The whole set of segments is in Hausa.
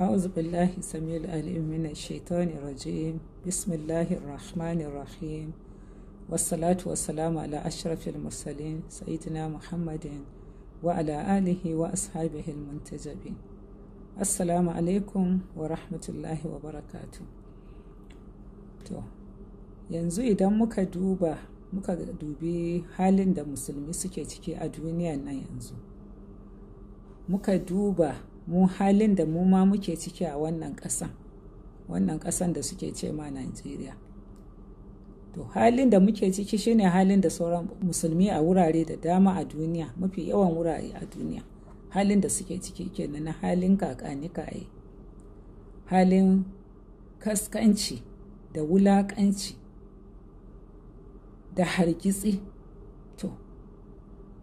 أعوذ بالله سميع العليم من الشيطان الرجيم بسم الله الرحمن الرحيم والصلاة والسلام على أشرف المرسلين سيدنا محمد وعلى آله وأصحابه المنتجبين السلام عليكم ورحمة الله وبركاته yanzu idan muka duba muka dubi halin da musulmi suke ciki a duniyan na yanzu muka duba mu halin da mu ma muke ciki a wannan ƙasan wannan ƙasan da suke ce ma najeriya to halin da muke ciki shine halin da sauran musulmi a wurare da dama a duniya mafi yawan wurare a duniya halin da suke ciki kenan na halin kakanikaye halin kaskanci da wulakanci da hargitsi to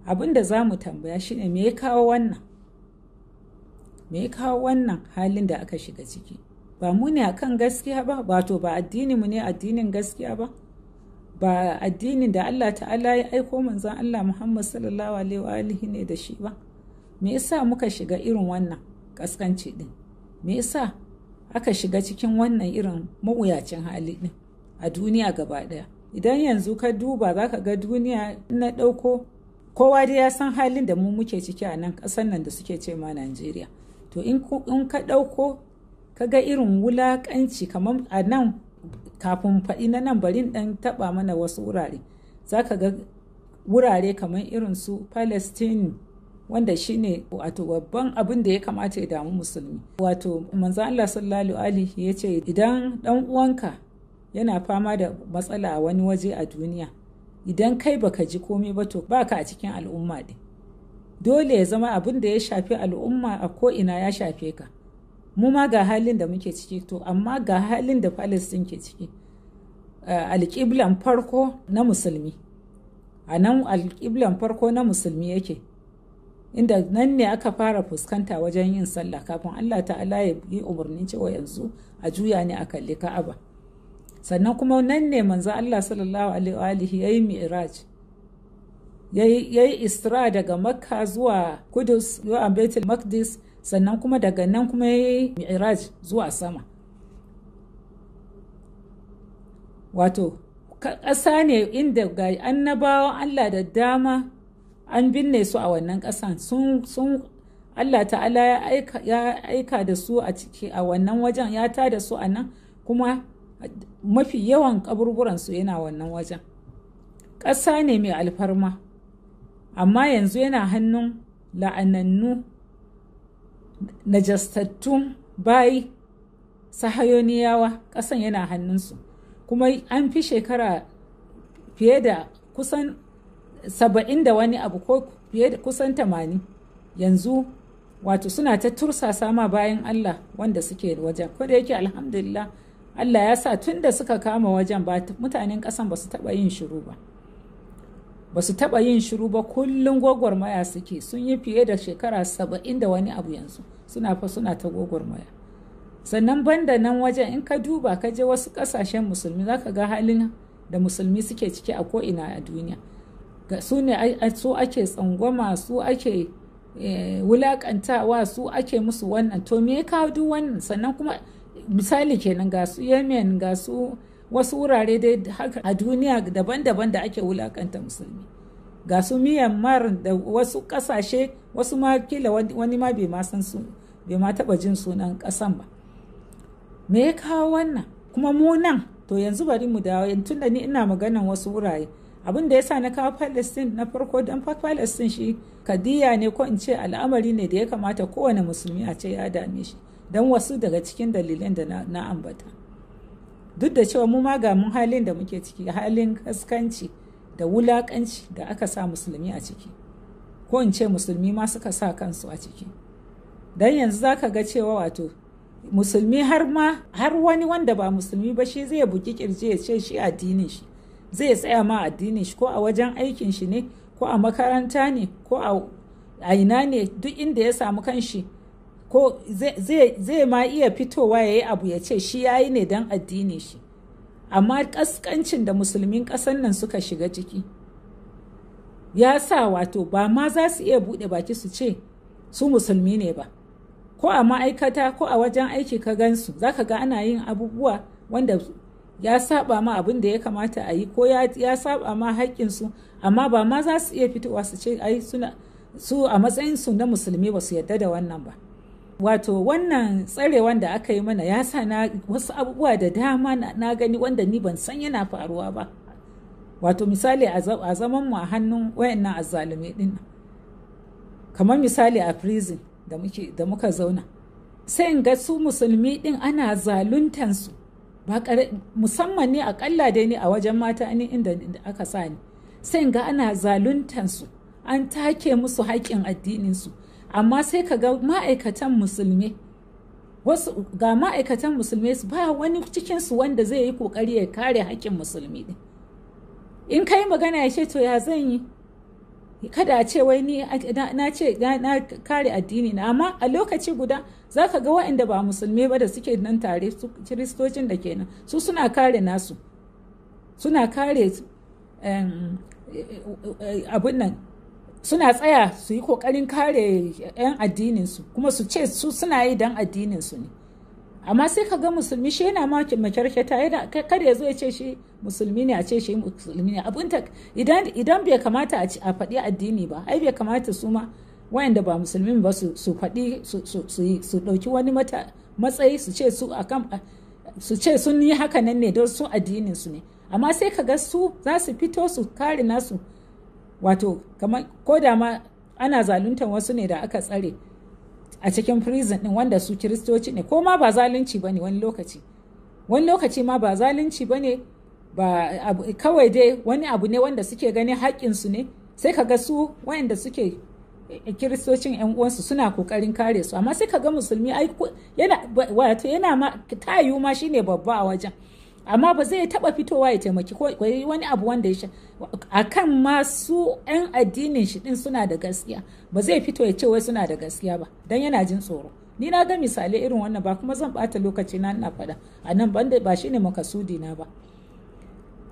Abinda da za mu tambaya shine me kawo wannan me kawo wannan halin da aka shiga ciki ba mu ne akan gaskiya ba ba to ba addini mu ne addinin gaskiya ba ba addinin da Allah ta'ala ya aiko manzon Allah Muhammad sallallahu alaihi wa alihi ne da shi ba me yasa muka shiga irin wannan kaskanci din me yasa aka shiga cikin wannan irin mawuyacin hali din a duniya gaba daya idan yanzu ka duba za ka ga duniya na ɗauko kowa dai ya san halin da mu muke ciki a nan ƙasar nan da suke ce ma najeriya to in ka ɗauko ka ga irin wulaƙanci kamar a nan kafin faɗi na nan barin ɗan taɓa mana wasu wurare za ka ga wurare kamar irin su palestine wanda shine wato babban abin da ya kamata ya damu musulmi wato manzo Allah sallallahu alaihi ya ce idan ɗan uwanka yana fama da matsala a wani waje a duniya idan kai baka ji komai ba to baka a cikin al'umma din dole ya zama abin da ya shafi al'umma a ko'ina ya shafe ka mu ma ga halin da muke ciki to amma ga halin da palestine ke ciki alƙiblan farko na musulmi a nan alƙiblan farko na musulmi yake inda nan ne aka fara fuskanta wajen yin sallah kafin allah ta'ala ya yi umarnin cewa yanzu a juya ne a kalli ka'aba. sannan kuma nan ne manzo Allah sallallahu alaihi ya yi mi'raj ya yi istira daga makka zuwa kudus zuwa betul maqdis sannan kuma daga nan kuma ya yi mi'raj zuwa sama wato ƙasa ne inda ga annabawan Allah da dama an binne su a wannan ƙasan sun Allah ta'ala ya aika da su a ciki a wannan wajen ya ta da su a nan kuma mafi yawan kaburburansu yana wannan wajen ƙasa ne mai alfarma amma yanzu yana hannun la'anannu najastattun bayi sahayoniyawa ƙasan yana hannunsu kuma an fi shekara fiye da kusan saba'in da wani abu ko fiye da kusan tamanin yanzu wato suna ta tursasa ma bayan allah wanda suke wajen ko yake alhamdulillah Allah ya sa tun da suka kama wajen ba mutanen ƙasan ba su taɓa yin shiru ba ba su taɓa yin shiru ba kullum gwagwarmaya suke sun yi fiye da shekara saba'in da wani abu yanzu suna fa suna ta gwagwarmaya sannan banda nan wajen in ka duba ka je wasu ƙasashen musulmi za ka ga halin da musulmi suke ciki a ko'ina a duniya su ne su ake tsangwama su ake eh, wulakantawa su ake musu wannan to me ya kawo duk wannan sannan kuma misali kenan ga su yemen ga su wasu wurare dai haka a duniya daban-daban da ake wulakanta musulmi ga su myanmar da wasu kasashe wasu ma kila wani ma bai ma su bai ma taba jin sunan kasan ba me ya kawo wannan kuma mu nan to yanzu bari mu dawo yanzu da ni ina maganan wasu wurare abin da yasa na kawo palestine na farko don palestine shi kadiya ne ko in ce al'amari ne da ya kamata kowane musulmi a ce ya dame shi don wasu daga cikin dalilan da na ambata duk da cewa mu ma ga mun halin da muke ciki halin kaskanci da wulakanci da aka sa musulmi a ciki ko in ce musulmi ma suka sa kansu a ciki don yanzu za ka ga cewa wato musulmi har ma har wani wanda ba musulmi ba shi zai buki kirji ya ce shi addinin shi zai tsaya ma addinin shi ko a wajen aikin shi ne ko a makaranta ne ko a ina ne duk inda ya samu kanshi ko zai ma iya fitowa ya yi abu ya ce shi ya yi ne don addini shi amma ƙasƙancin da musulmin ƙasan nan suka shiga ciki ya sa wato ba ma za su iya buɗe baki su ce su musulmi ne ba ko a ma'aikata ko a wajen aiki ka gansu za ka ga ana yin abubuwa wanda ya saba ma abin da ya kamata a yi ko ya saba ma haƙƙinsu amma ba ma za su iya fitowa su ce ai su a matsayinsu na musulmi ba su yadda da wannan ba. wato wannan tsarewan da aka yi mana ya sa na wasu abubuwa da dama na gani wanda ni ban san yana faruwa ba wato misali a zaman mu a hannun wayannan azzalumi din kamar misali a prison da muke da muka zauna sai in ga su musulmi din ana zaluntan su ba musamman ne kalla dai ne a wajen mata ni inda aka sa ni sai in ga ana zaluntan su an take musu haƙƙin addinin su amma sai ka ga ma'aikatan musulmi wasu ga ma'aikatan musulmi ba wani cikinsu wanda zai yi kokari ya kare haƙƙin musulmi ɗin in kai magana ya ce to ya zan yi kada a ce wai ni na ce na kare addini na amma a lokaci guda za ka ga waɗanda ba musulmi ba da suke nan tare su kiristocin da kenan su suna kare nasu suna kare e, e, e, abin nan suna tsaya su yi kokarin kare 'yan addininsu kuma su ce su suna yi don addininsu ne amma sai ka ga musulmi shi yana ma makyarkyata yana kada ya zo ya ce shi musulmi ne a ce shi musulmi ne abin idan idan bai kamata a faɗi addini ba ai bai kamata su ma wayanda ba musulmi ba su su faɗi su ɗauki wani matsayi su ce sun yi haka nan ne don su addininsu ne amma sai ka ga su za su fito su kare nasu wato kamar ko da ma ana zaluntar wasu ne da aka tsare a cikin prison din wanda su kiristoci ne ko ma ba zalunci ba ne wani lokaci wani lokaci ma ba zalunci ba ne kawai dai wani abu ne wanda suke ganin haƙƙinsu ne sai ka ga su wayanda suke eh, kiristocin yan uwansu suna kokarin kare su amma sai ka ga musulmi ai yana wato yana ma tayu ma shine babba a wajen amma ba zai taɓa fitowa ya taimaki ko wani abu wanda ya a kan masu 'yan addinin shi ɗin suna da gaskiya ba zai fito ya ce wai suna da gaskiya ba don yana jin tsoro ni na ga misali irin wannan ba kuma zan bata lokaci na ina faɗa a nan banda ba shine makasudi na ba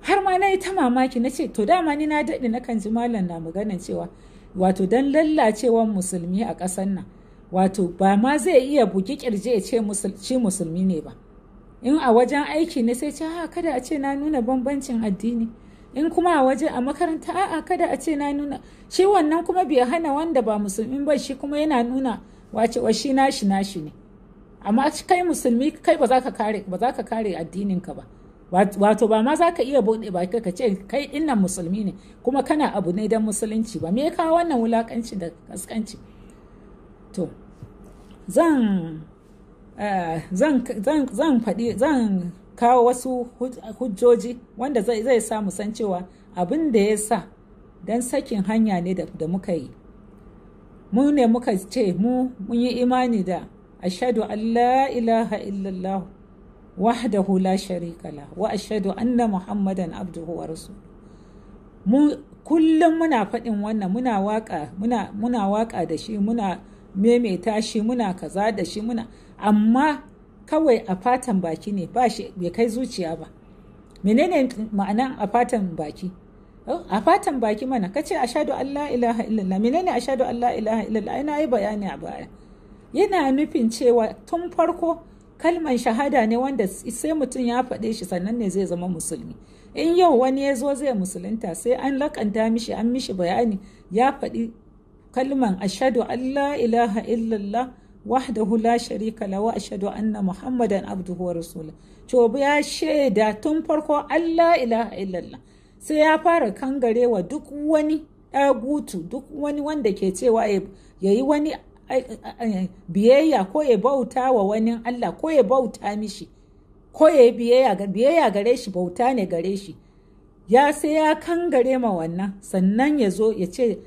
har ma na yi ta mamaki na ce to dama ni na daɗe na kan ji malam na maganan cewa wato don lallacewan musulmi a ƙasar nan wato ba ma zai iya bugi ƙirji ya ce shi musulmi ne ba in a wajen aiki ne sai ce ha kada a ce na nuna bambancin addini in kuma a waje a makaranta a'a kada a ce na nuna shi wannan kuma bai hana wanda ba musulmi ba shi kuma yana nuna wace wa shi nashi nashi ne amma kai musulmi kai ba za ka kare ba za ka kare addininka ba wato ba ma za ka iya bude baki ka ce kai dinnan musulmi ne kuma kana abu ne dan musulunci ba me ya wannan wulakanci da kaskanci to zan Eh, zan faɗi zan kawo wasu hujjoji wanda zai sa san cewa abin da ya sa don sakin hanya ne da muka yi mu ne muka ce mu mun yi imani da ashadu Allah ilaha illallah wahdahu la sharika la wa ashadu anna muhammadan abduhu wa mu kullum muna faɗin wannan muna waka muna muna waka da shi muna maimaita shi muna kaza da shi muna amma kawai a fatan baki ne ba shi bai kai zuciya ba menene ma'anan a fatan baki oh, a fatan baki mana kace ashadu Allah ilaha illallah menene ashadu Allah ilaha illallah ina yi bayani a baya yana nufin cewa tun farko kalman shahada ne wanda sai mutum ya faɗe shi sannan ne zai zama musulmi in yau wani ya zo zai musulunta sai an lakanta mishi an mishi bayani ya faɗi kalman ashadu Allah ilaha illallah wahdahu la sharika la wa ashadu anna muhammadan abduhu wa rasuluhu to ya shaida tun farko Allah ilaha illallah sai ya fara kangare duk wani ɗagutu duk wani wanda ke cewa ya yi wani biyayya ko ya bauta wa wani Allah ko ya bauta mishi ko ya yi biyayya gare shi bauta ne gare shi ya sai ya kangare ma wannan sannan ya zo ya ce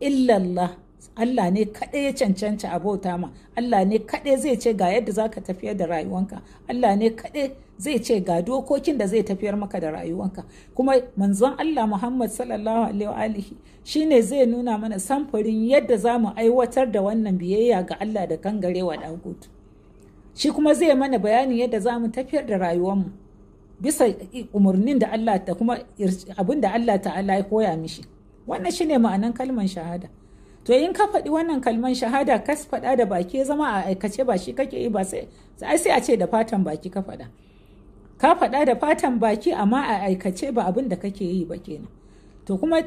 illallah Allah ne kaɗai ya cancanta abota ma Allah ne kaɗai zai ce ga yadda za ka tafiyar da rayuwanka Allah ne kaɗai zai ce ga dokokin da zai tafiyar maka da rayuwanka kuma manzon Allah Muhammad sallallahu alaihi shi ne zai nuna mana samfurin yadda za mu aiwatar da wannan biyayya ga Allah da kangarewa dagutu shi kuma zai mana bayanin yadda za mu tafiyar da rayuwanmu bisa umarnin da Allah ta kuma abin da Allah ta'ala ya koya mishi wannan shine ma'anan kalmar shahada to in ka faɗi wannan kalman shahada ka faɗa da baki zama a aikace ba shi kake yi ba sai sai a ce da fatan baki ka faɗa ka faɗa da fatan baki amma a aikace ba abin da kake yi ba kenan to kuma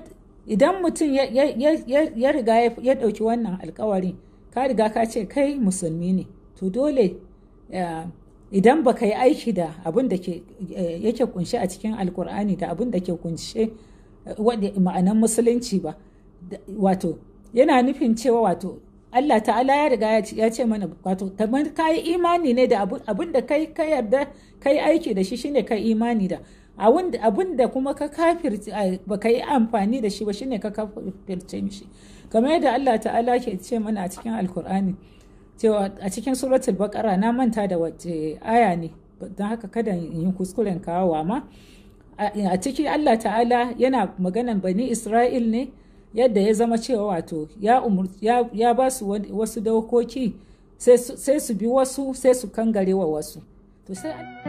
idan mutum ya riga ya ɗauki wannan alkawarin ka riga ka ce kai musulmi ne to dole idan baka yi aiki da abin da yake kunshe a cikin alkur'ani da abin da ke kunshe ma'anan musulunci ba wato yana nufin cewa wato Allah ta'ala ya riga ya ce mana wato kamar ka yi imani ne da abin da kai ka yarda kai aiki da shi shine ka imani da abin da kuma ka kafir ba ka yi amfani da shi ba shine ka ce mishi kamar yadda Allah ta'ala ke ce mana a cikin alkur'ani cewa a cikin suratul bakara na manta da wace aya ne don haka kada in yi kuskuren kawowa ma a ciki Allah ta'ala yana maganan bani Isra'il ne yadda ya zama cewa wato ya ba su wasu dokoki sai su bi wasu sai su kangarewa wasu to sai